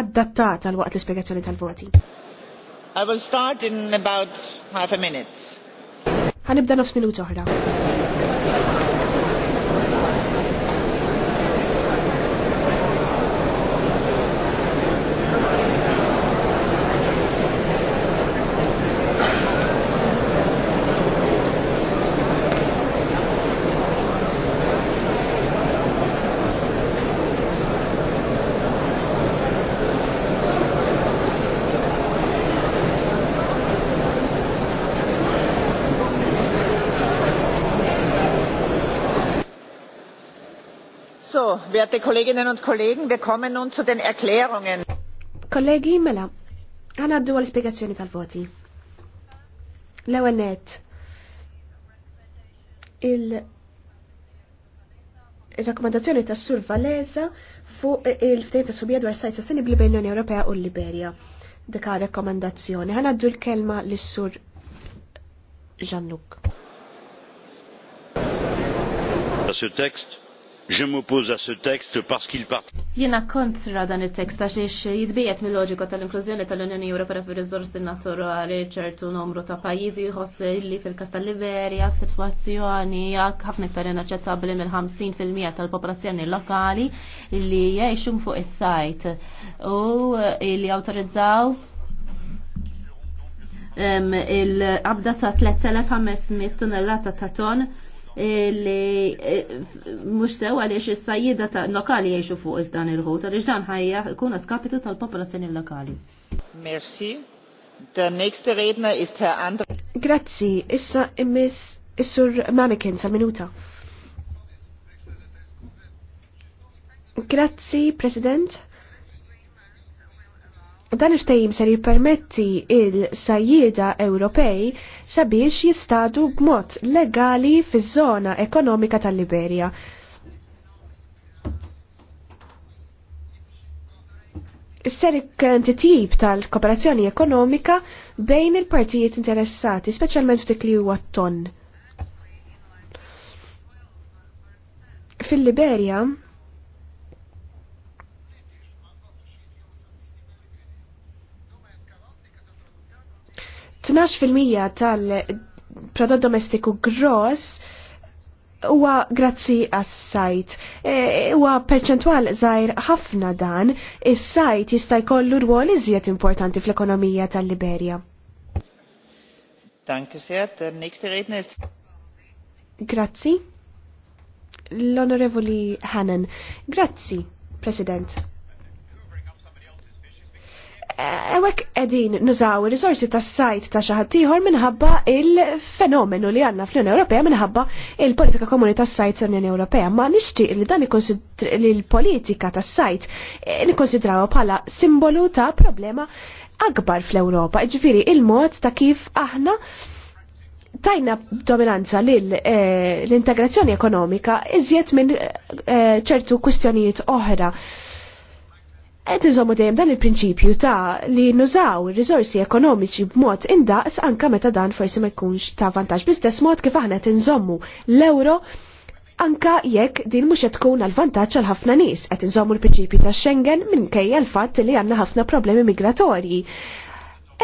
adattata għal waqt l-ispiegazzjoni tal-voti. I will start in about half a minute. Ħanibda nofs minuta oħra. Werte Kolleginnen und Kollegen, wir kommen nun zu den Erklärungen. Kollegi, mela, għana għaddu għal-spiegazzjoni tal-voti. L-ewel il-rakkomandazzjoni ta' Sur Valesa fu il-ftejn ta' subjad dwar sajt sostenibli bejn l-Unjoni Ewropea u l-Liberja. Dika rakkomandazzjoni. Għana għaddu l-kelma l-Sur Jean-Luc. Ce texte Je m'oppose à ce texte parce qu'il part. Jiena kontra dan it-tekst għax jitbiet mill-loġika tal-inklużjoni tal-Unjoni Ewropea fir riżorsi naturali ċertu numru ta' pajjiżi jħoss li fil-kas tal-Liberja sitwazzjoni jak ħafna iktar inaċċettabbli mill-50% tal-popolazzjoni lokali li jgħixu fuq is-sajt u li awtorizzaw il-qabda ta' 3500 tonnellata ta' ton E, li mhux sew għaliex is sajjida ta' lokali jiexu fuq dan il-ħut għaliex dan ħajja jkun skapitu tal-popolazzjoni lokali. Merci. Der nächste Redner ist Herr Andr. Grazzi, issa immis issur Mamikin sa minuta. Grazzi, President dan il-ftejim ser jippermetti il sajjida Ewropej sabiex jistadu b'mod legali fiż-żona ekonomika tal-Liberja. Ser titjib tal-kooperazzjoni ekonomika bejn il-partijiet interessati, speċjalment ftik li huwa ton. Fil-Liberja, 12% tal-prodott domestiku gross huwa grazzi għas-sajt. E, huwa perċentwal żgħir ħafna dan, is-sajt jista' jkollu rwol iżjed importanti fl-ekonomija tal-Liberja. Danke sehr, der nächste Redner ist Grazzi. L-Onorevoli Hannan. Grazzi, President. Ewek edin nużaw il-rizorsi tas sajt ta' xaħatiħor minħabba il-fenomenu li għanna fl-Unjoni Ewropea minħabba il-politika komuni tas sajt tal-Unjoni Ewropea. Ma nixtieq li dan il politika tas sajt eh, nikonsidraw bħala simbolu ta' problema akbar fl-Ewropa. Ġifiri il-mod ta' kif aħna tajna dominanza eh, l-integrazzjoni ekonomika iżjed minn eh, ċertu kwistjonijiet oħra Qed iżommu dejjem dan il-prinċipju ta' li nużaw il-rizorsi ekonomiċi b'mod indaqs anka meta dan forsi ma jkunx ta' vantaġġ bl mod kif aħna qed inżommu l-euro anka jekk din mhux qed tkun għal vantaġġ għal ħafna nies qed inżommu l-prinċipju ta' Schengen minkejja l-fatt li għandna ħafna problemi migratorji.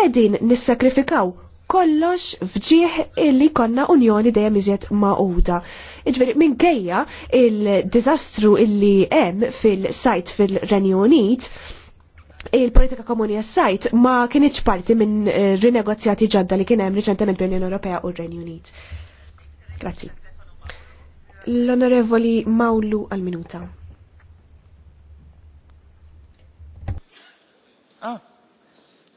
Qegħdin nissakrifikaw kollox fġieħ illi konna unjoni dejjem iżjed maquda. Iġveri minkejja il-dizastru illi hemm fil-sajt fil-Renju Unit, il-politika komuni għas-sajt ma kienieċ parti minn eh, rinegozjati ġadda li kien hemm riċentement bl-Unjoni Ewropea u r-Renju Unit. Grazzi. L-Onorevoli Mawlu għal-minuta. Ah,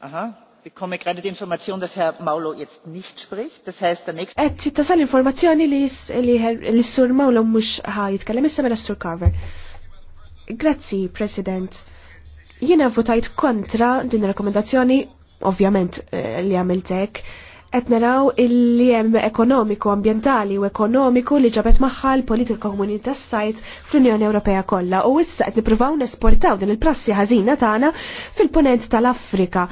aha, bekomme gerade die Information, dass Herr Maulo jetzt nicht spricht. Das heißt, der nächste... Et tasal informazzjoni li s-sur Maulo mux ħaj issa mela s-sur Carver. Grazzi, President. Jiena votajt kontra din rekomendazzjoni, ovvjament eh, li għamiltek, qed naraw illi hemm ekonomiku ambjentali u ekonomiku li ġabet magħha l-politika komuni tas-sajt fl-Unjoni Ewropea kollha u issa qed nippruvaw nesportaw din il-prassi ħażina tagħna fil-punent tal-Afrika.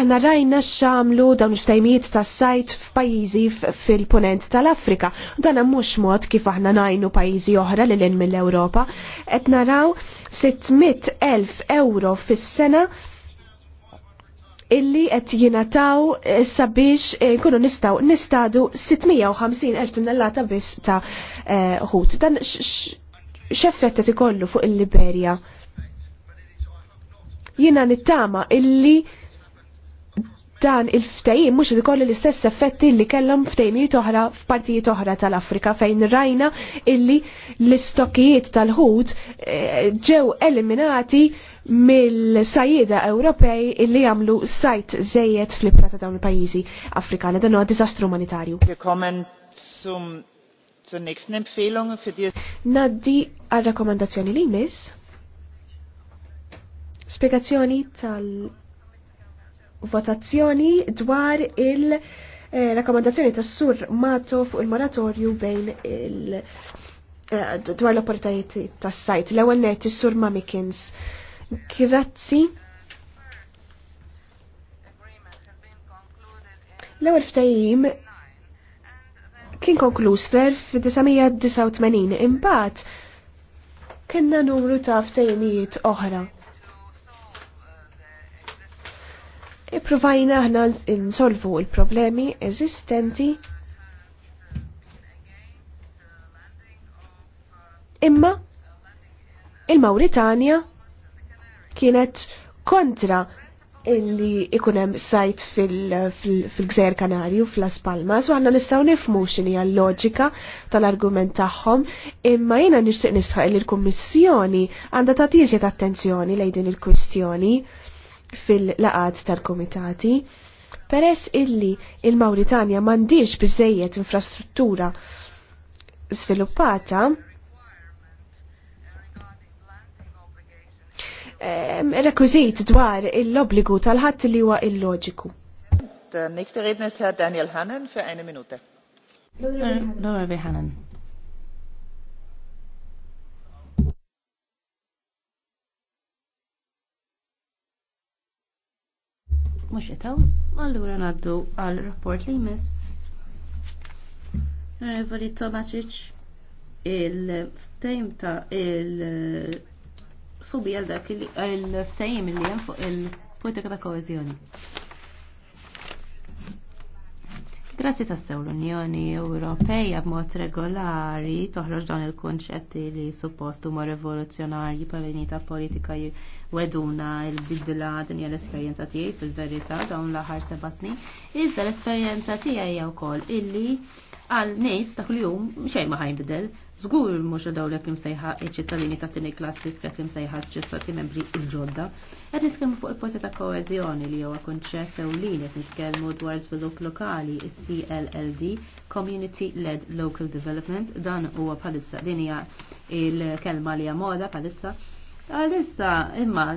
Aħna rajna x'għamlu dawn il-ftajmijiet tas-sajt f'pajjiżi fil-punent tal-Afrika. Dan mhux mod kif aħna najnu pajjiżi oħra lil mill-Ewropa. Qed naraw 600 elf euro fis-sena illi qed jingħataw eh, sabiex eh, nkunu nistgħu nistadu 650,000 tonnellata biss ta' eh, ħut. Dan x'effett qed ikollu fuq il-Liberja? Jiena nittama illi dan il-ftajim mux ikollu l-istess effetti li kellhom ftajmijiet oħra f'partijiet oħra tal-Afrika fejn rajna illi l-istokijiet tal-ħut eh, ġew eliminati mill-sajjida Ewropej illi jagħmlu sajt żejjed fl-ibra ta' dawn il-pajjiżi Afrikani. Dan huwa diżastru umanitarju. Naddi għal rakkomandazzjoni li jmiss. Spiegazzjoni tal- votazzjoni dwar il-rakkomandazzjoni eh, tas sur Mato fuq il-moratorju bejn il- eh, dwar l opportajiet tas sajt L-ewwel net is-sur Mamikins. Grazzi. L-ewwel ftajim kien konkluż fl-1989 imbagħad kienna numru ta' ftajimijiet oħra Ippruvajna aħna nsolvu il-problemi eżistenti imma il-Mauritania kienet kontra illi ikunem sajt fil-Gżer fil, Kanarju, fl-Las Palmas, u għanna nistaw nifmu xini għal-loġika tal-argument tagħhom, imma jena nishtiq nisħaq li l-Kummissjoni għanda tagħti attenzjoni lejn din il-kwistjoni. il il kwistjoni fil-laqad tal-komitati. Peress illi il-Mauritania mandiġ bizzejiet infrastruttura sviluppata, rekwizit dwar l-obbligu tal-ħadd li huwa illoġiku. Der nächste Redner ist Herr Daniel Hannan für eine Minute. Laura Hannan. Mux jitaw, allura naddu għal rapport li jmiss. Revoli Tomasic, il-ftejm ta' il-subi għal dak il-ftejm li fuq il-politika ta' koezjoni. Grazzi tassew l-Unjoni Ewropeja b'mod regolari toħroġ dawn il-konċetti li suppost huma rivoluzzjonarji palini ta' politika weduna il-bidla din hija l-esperjenza tiegħi fil-verità dawn l-aħħar seba' snin. Iżda l-esperjenza tiegħi hija wkoll illi għal nies ta' kuljum xejn ma ħajbidel Zgur mux daw li kim sejħa iċ-ċittadini ta' tini klassi f'dak kim sejħa ċittati membri il-ġodda. Qed nitkellmu fuq il-posti ta' koeżjoni li huwa kunċett li qed nitkellmu dwar żvilupp lokali, clld Community Led Local Development, dan huwa bħalissa din hija il-kelma li hija moda bħalissa. Għalissa imma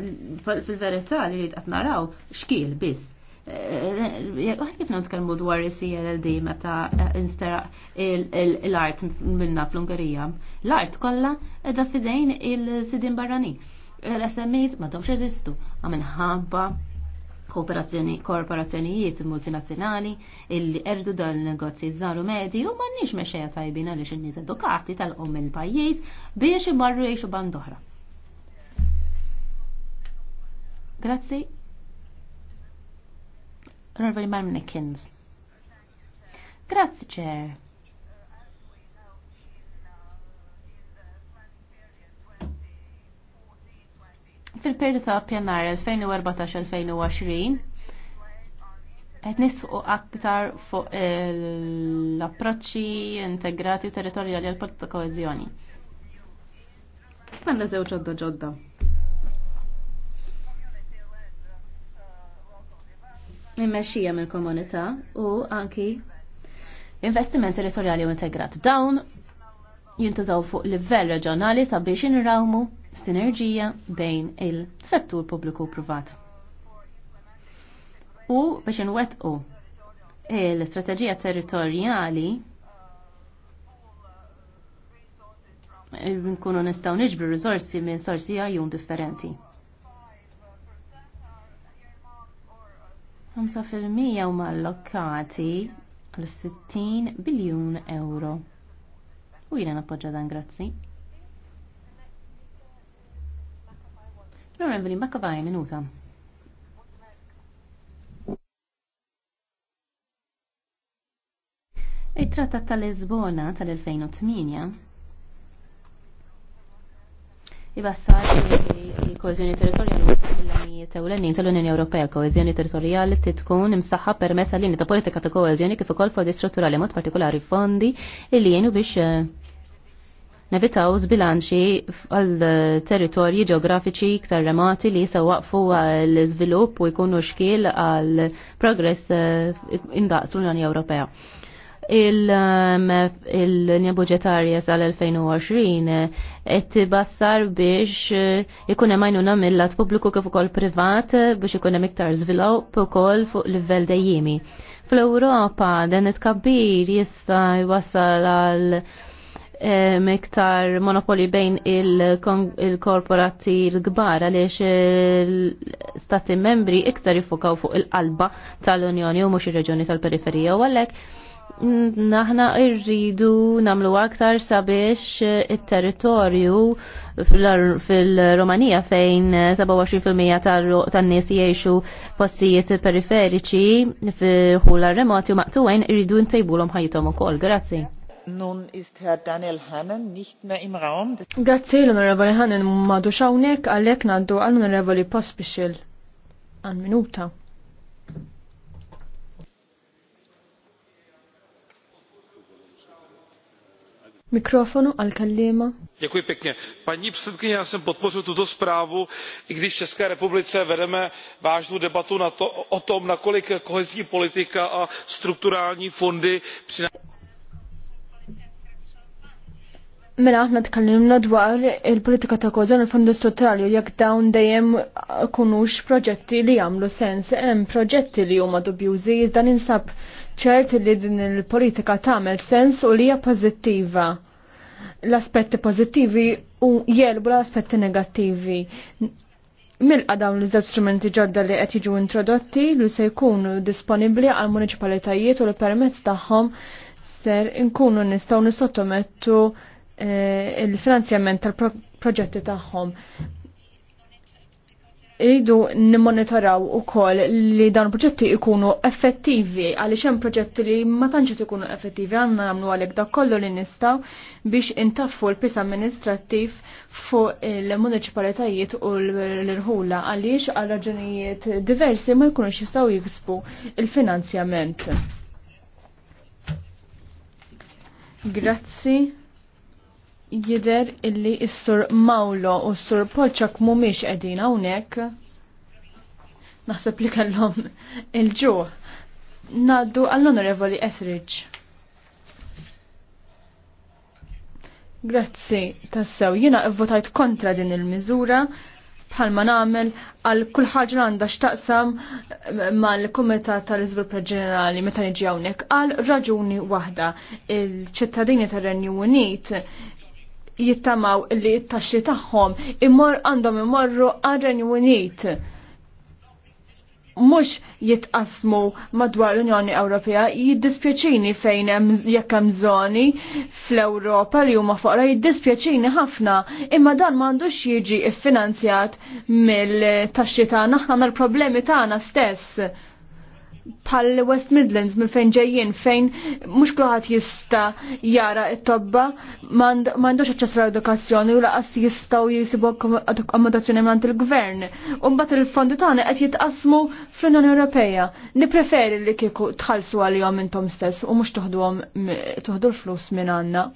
fil-verità li qed naraw xkiel biss Eh, Għan kif nitkellmu dwar is-CLLD meta eh, instera l-art minna fl-Ungerija. L-art kollha edha fidejn il-sidin barrani. L-SMEs ma dawx eżistu ħabba korporazzjonijiet multinazzjonali illi erdu dal negozji żaru medji u m'għandniex mexxejja tajbin għaliex in-nies edukati tal-qom il-pajjiż biex imarru jgħixu band oħra. Grazzi, L-Onorevoli Malmnikins. Grazie, Chair. Fil-periodu ta' PNR 2014-2020, Għed nisqu aktar fuq eh, l-approċċi integrati u territorjali għal-politika koezjoni. Għanna zewċ ġodda ġodda. immexxija mill-komunità u anki investiment territorjali u integrat. Dawn jintużaw fuq livell reġjonali sabiex inrawmu sinerġija bejn il-settur pubbliku u privat. U biex inwettqu l-istrateġija territorjali eh, nkunu nistgħu niġbru riżorsi minn sorsi għajjun differenti. 5% huma allokati għal 60 biljun euro. U jiena nappoġġa dan grazzi. L-għamil bakka vaj minuta. Il-trattat tal-Lisbona tal-2008 jibassar il-kohezjoni territorjali mill-għanijiet ewlenin tal-Unjoni Ewropea. Kohezjoni territorjali titkun imsaħħa permessa l ta' politika ta' kohezjoni kif ukoll fondi strutturali mod partikolari fondi li jenu biex eh, nevitaw zbilanċi għal territorji ġeografiċi iktar remati li jisa waqfu għal svilup u jkunu xkiel għal progress eh, indaqs l-Unjoni Ewropea il-linja budġetarja sal-2020 qed tibassar biex eh, ikun hemm għajnuna mill-lat pubbliku kif ukoll privat biex ikun hemm iktar żvilupp ukoll fuq livell dejjimi. Fl-Ewropa dan it-kabbir jista' jwassal għal miktar monopoli bejn il-korporati l-gbar għaliex stati membri iktar jifukaw fuq il-qalba tal-Unjoni u mux il-reġjoni tal-periferija u għallek naħna irridu namlu aktar sabiex il-territorju fil romania fejn 27% tan-nies jgħixu postijiet periferiċi fil-ħula remoti u maqtuwajn irridu ntejbulhom u ukoll. Grazzi. Nun ist Herr Daniel Hannan nicht mehr im Raum. Grazzi l-Onorevoli Hannan ma duxawnek, għalek naddu għall-Onorevoli Pospixil. Għan minuta. Mikrofonu għal kallima. Děkuji pěkně. Paní předsedkyně, já jsem podpořil tuto zprávu, i když v České republice vedeme vážnou debatu na to, o tom, nakolik kohezní politika a strukturální fondy přináší. Mela aħna tkellimna dwar il-politika ta' kożon il-fondi strutturali jekk dawn dejjem kunux proġetti li jagħmlu sens, hemm proġetti li huma dubjużi iżda ninsab ċert li din il-politika tagħmel sens u li hija pożittiva. L-aspetti pożittivi u jelbu l-aspetti negattivi. Milqa dawn l żewġ strumenti ġodda li qed jiġu introdotti li se jkunu disponibbli għal municipalitajiet u li permezz tagħhom ser inkunu nistgħu nisottomettu Eh, il-finanzjament tal-proġetti tagħhom. Iridu nimmonitoraw ukoll li dawn proġetti ikunu effettivi għaliex hemm proġetti li ma tantx ikunu effettivi għandna nagħmlu għalek dak kollu li nistaw biex intaffu l-pis amministrattiv fuq il-municipalitajiet u l-irħula għaliex għal raġunijiet diversi ma jkunux jistgħu jiksbu il-finanzjament. Grazzi jider illi s-sur Mawlo u s-sur Polċak mumiex edina hawnhekk. Naħseb li kellhom il ġu Naddu għall-Onorevoli Etheridge. Grazzi, tassew. Jina votajt kontra din il-miżura bħalma namel għal kull ħaġa għandha x'taqsam mal-Kumitat tal-Iżvilupp Ġenerali meta niġi hawnhekk għal raġuni waħda. Il-ċittadini tar-Renju Unit jittamaw li t-taxxi tagħhom immor għandhom imorru għar-Renju Unit mhux jitqasmu madwar l-Unjoni Ewropea jiddispjaċini fejn hemm jekk hemm żoni fl-Ewropa li huma foqra jiddispjaċini ħafna imma dan m'għandux jiġi finanzjat mill-taxxi tagħna aħna l-problemi tagħna stess pal West Midlands minn fejn ġejjin fejn mhux kulħadd jista' jara t-tobba m'għandux aċċess l-edukazzjoni u laqas jistgħu jisibu akkomodazzjoni mant il-gvern. U mbagħad il-fondi tagħna qed jitqasmu fl-Unjoni Ewropea. Nippreferi li kieku tħallsu għalihom intom stess u mhux toħduhom toħdu l-flus minn għandna.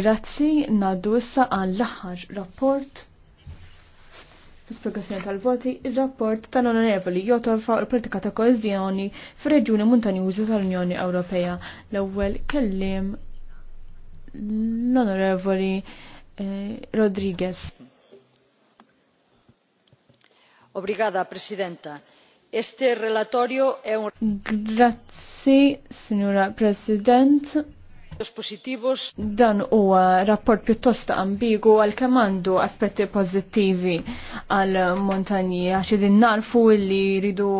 Grazzi, naddu issa għall-aħħar rapport L-ispiegazzjoni tal-voti, il-rapport tal-onorevoli jotov fuq il-politika ta' koezjoni fir-reġjuni montanjużi tal-Unjoni Ewropea. L-ewwel kellim l-onorevoli eh, Rodriguez. Obrigada, Presidenta. Este relatorio è un... Grazie, signora Presidente. Dan huwa rapport pjuttost ambigu għal kemandu aspetti pozittivi għal montanji għax din narfu li jridu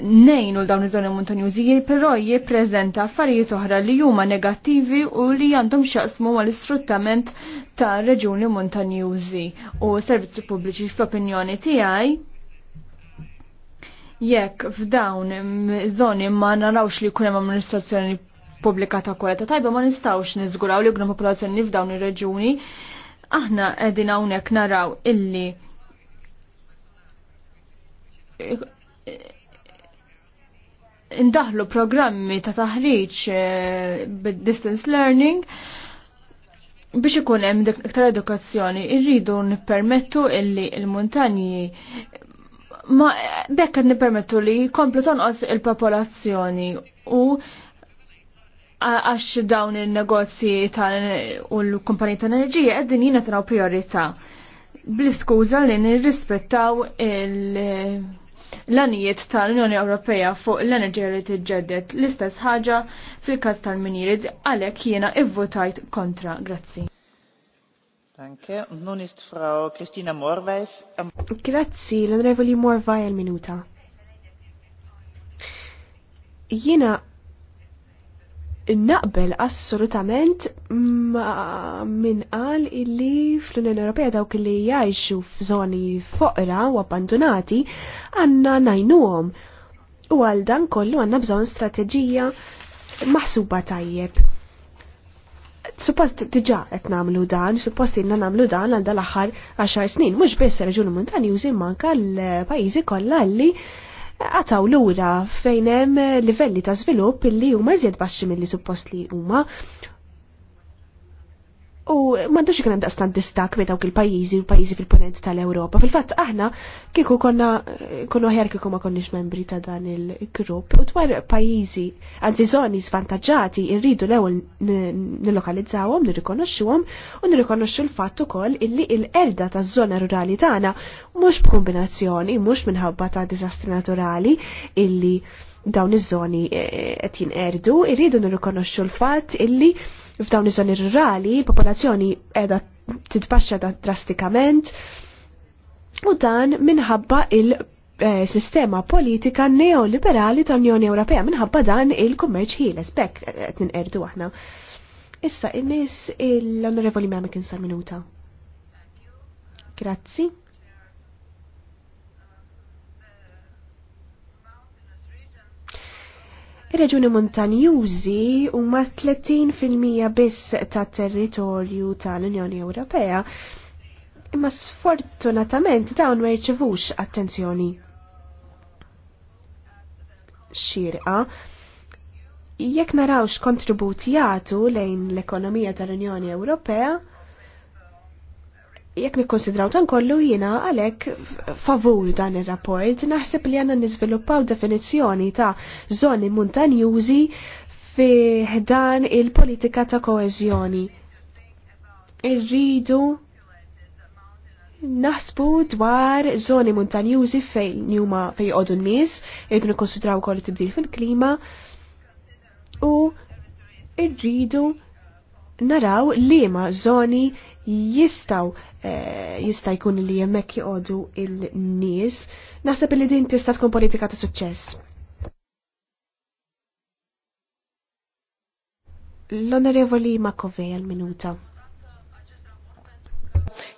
nejnu l dawn iż-żoni montanjużi, però jippreżenta affarijiet oħra li huma negattivi u li għandhom x'jaqsmu mal sfruttament ta' reġuni montanjużi u servizzi pubbliċi fl-opinjoni tiegħi jekk f'dawn żoni ma narawx li jkun hemm amministrazzjoni pubblika ta' tajba ma nistgħux niżguraw li għna popolazzjoni f'dawn ir-reġuni. Aħna qegħdin hawnhekk naraw illi indaħlu programmi ta' taħriġ eh, distance learning biex ikun hemm iktar edukazzjoni irridu nippermettu illi l-muntanji ma bekk qed nippermettu li jkomplu tonqos il-popolazzjoni u għax dawn il-negozji u l-kumpanija ta' enerġija għeddin jina traw priorita. Bl-iskuza li nirrispettaw l-anijiet tal-Unjoni Ewropea fuq l-enerġija li tiġġedded l-istess ħaġa fil-każ tal-minjiri għalhekk jiena ivvotajt kontra. Grazzi. Danke. Nun ist Frau Kristina Morvajf. Grazzi, l-Onorevoli Morvaj minuta Jiena naqbel assolutament minn qal illi fl-Unjoni Ewropea dawk li jgħixu f'żoni foqra u abbandonati għandna najnuhom. U għal dan kollu għandna bżonn strateġija maħsuba tajjeb. Suppost diġa qed nagħmlu dan, suppost inna nagħmlu dan għal dal-aħħar 10 snin, mhux biss reġuni montanjużi manka l-pajjiżi kollha li għataw lura fejn hemm livelli ta' svilupp li huma iżjed baxxi milli suppost li huma U mandux ikun hemm daqstant distak minn dawk il-pajjiżi u pajjiżi fil-punent tal-Ewropa. Fil-fatt aħna kieku konna kunu ħjar kieku ma konniex membri ta' dan il-grupp u dwar pajjiżi anzi żoni svantaġġati irridu l-ewwel nillokalizzawhom, nirrikonoxxuhom u nirrikonoxxu l-fatt ukoll illi l elda taż-żona rurali tagħna mhux b'kombinazzjoni, mhux minħabba ta' diżastri naturali illi dawn iż-żoni eh, qed jinqerdu, irridu nirrikonoxxu l-fatt illi f'dawn iż-żoni rurali, popolazzjoni qiegħda titbaxxa drastikament u dan minħabba il- eh, sistema politika neoliberali tal-Unjoni Ewropea minħabba dan il-kummerċ ħieles bekk qed ninqerdu aħna. Issa imis l-Onorevoli Mamik sal minuta. Grazzi. Ir-reġuni montanjużi huma 30% biss tat territorju tal-Unjoni Ewropea, imma sfortunatament dawn ma jirċevux attenzjoni xirqa. Jekk narawx kontribut jagħtu lejn l-ekonomija tal-Unjoni Ewropea, jekk nikkonsidraw dan kollu jina għalhekk favur dan ir-rapport naħseb li għandna niżviluppaw definizzjoni ta' żoni montanjużi fi dan il-politika ta' koeżjoni. Irridu naħsbu dwar żoni montanjużi fejn huma fejn jqogħdu n-nies, irridu nikkonsidraw ukoll tibdil fil-klima u irridu naraw liema żoni jistaw eh, jista jkun li jemmek joqodu il-nies, naħseb li din tista' tkun politika ta' suċċess. L-Onorevoli Makovej għal-minuta.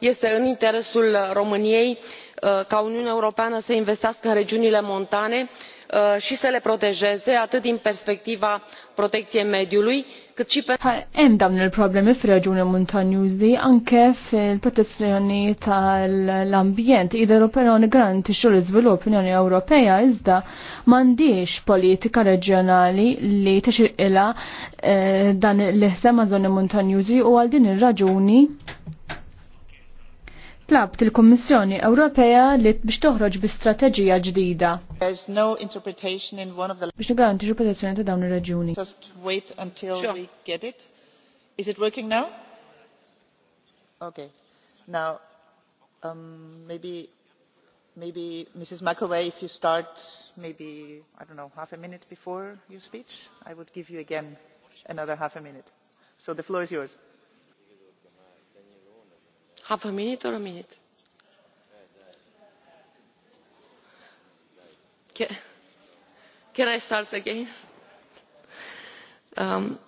Este în interesul României eh, ca Uniunea Europeană să investească în regiunile montane Uh, și să le protejeze atât din perspectiva protecției mediului cât și Hemm dawn il-problemi fir-reġuni montanjużi anke fil-protezzjoni tal-ambjent. Idher però nigarantixxu l-iżvilupp Unjoni Ewropea iżda m'għandix politika reġjonali li tixilqilha eh, dan l-ħsem ma' żoni montanjużi u għal din ir-raġuni tlabt il-Kommissjoni Ewropea li biex toħroġ bi strateġija ġdida. Biex nigaranti protezzjoni ta' dawn ir-raġuni. Is it working now? Okay. Now, um, maybe maybe Mrs. McAway, if you start maybe, I don't know, half a minute before your speech, I would give you again another half a minute. So the floor is yours half a minute or a minute? Can I start again? Um,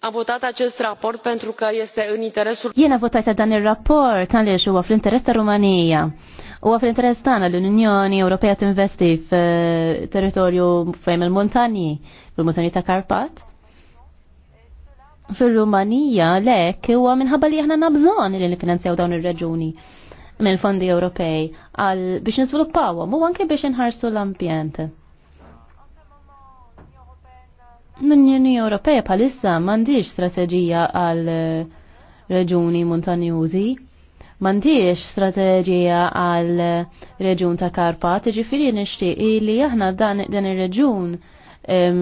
am votat acest raport pentru că este în interesul... Jena votajta dan il-rapport għaliex huwa fl-interess ta' Rumanija. Huwa fl-interess tagħna l-Unjoni Ewropea tinvesti f'territorju fejn il-muntanji, fil montani ta' Karpat fil-Rumanija lek huwa minħabba li aħna nabżon li nifinanzjaw dawn ir-raġuni mill fondi Ewropej għal biex niżviluppawhom u anke biex inħarsu l-ambjent. L-Unjoni Ewropea bħalissa m'għandix strateġija għal reġuni montanjużi, m'għandix strateġija għal reġun ta' Karpat, ġifieri nixtieq li aħna dan ir-reġun Eh,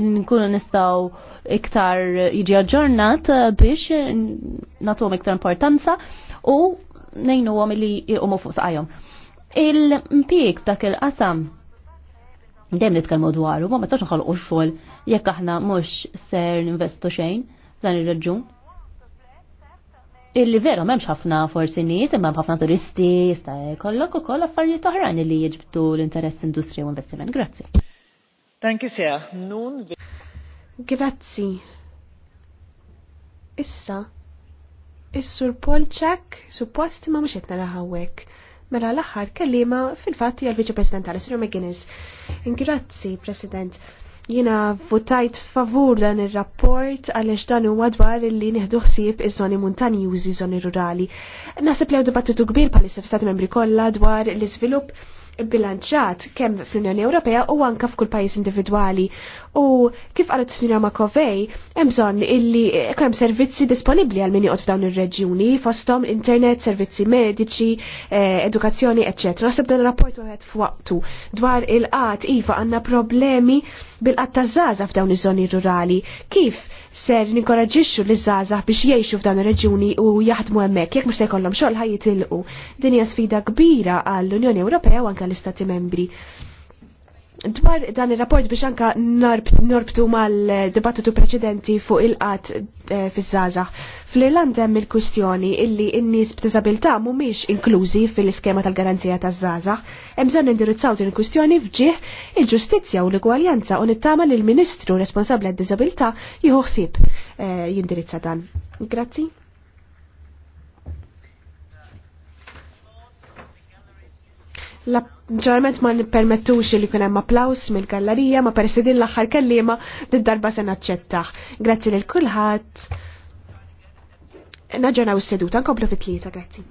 nkunu nistaw iktar jiġi aġġornat eh, biex għom eh, iktar importanza u nejnu għom li jqumu fuq għajom. Il-mpik ta' il-qasam dejjem nitkellmu dwaru, ma metax nħolqu x-xogħol jekk aħna mhux ser investu xejn f'dan ir-raġun. Illi vera m'hemmx ħafna forsi nies, imma ħafna turisti, jista' jkollok ukoll affarijiet oħrajn li jiġbdu l-interess industrija u investiment. Grazzi. Danke sehr. Nun... Grazzi. Issa, is-sur Polczak suppost ma mhux qed nara Mela l-aħħar kellima fil fatti għal-Viċu viċi President tal-Isru McGuinness. Grazzi, President. Jina votajt favur dan ir-rapport għaliex dan huwa dwar li nieħdu ħsieb iż-żoni iż żoni rurali. Naħseb li dibattitu kbir bħalissa f'Stati Membri kollha dwar l-iżvilupp bilanċat kemm fl-Unjoni Ewropea u anka f'kull pajjiż individwali U kif qalet sinja ma' hemm bżonn illi hemm servizzi disponibbli għal min joqgħod f'dawn ir-reġjuni, fosthom internet, servizzi mediċi, eh, edukazzjoni, ecc. Nasib dan rapportu wieħed f'waqtu dwar il-qatt iva għandna problemi bil-qatt ta' żgħażagħ f'dawn iż-żoni rurali. Kif ser ninkoraġixxu li żgħażagħ biex jgħixu f'dawn ir-reġjuni u jaħdmu hemmhekk jekk mhux se jkollhom xogħol ħajjitilqu. Din hija sfida kbira għall-Unjoni Ewropea u anke l-Istati Membri dwar dan il-rapport biex anka norbtu mal-dibattitu preċedenti fuq il-qat eh, fiż-żazax. Fl-Irlanda hemm il kustjoni illi n-nies b'diżabilità mhumiex inklużi fil-iskema tal-garanzija taż-żazax. Hemm bżonn indirizzaw din il-kwistjoni fġih il-ġustizzja u l-igwaljanza u nittama lill ministru responsabbli għad-diżabilità jieħu ħsieb eh, jindirizza dan. Grazzi. Ġarment ma nippermettux li kunem applaus mill-gallerija, ma persi l-axar kellima d-darba se naċċettaħ. Grazzi lil kulħadd. Naġġornaw s-seduta, nkomplu fit-tlieta, grazzi.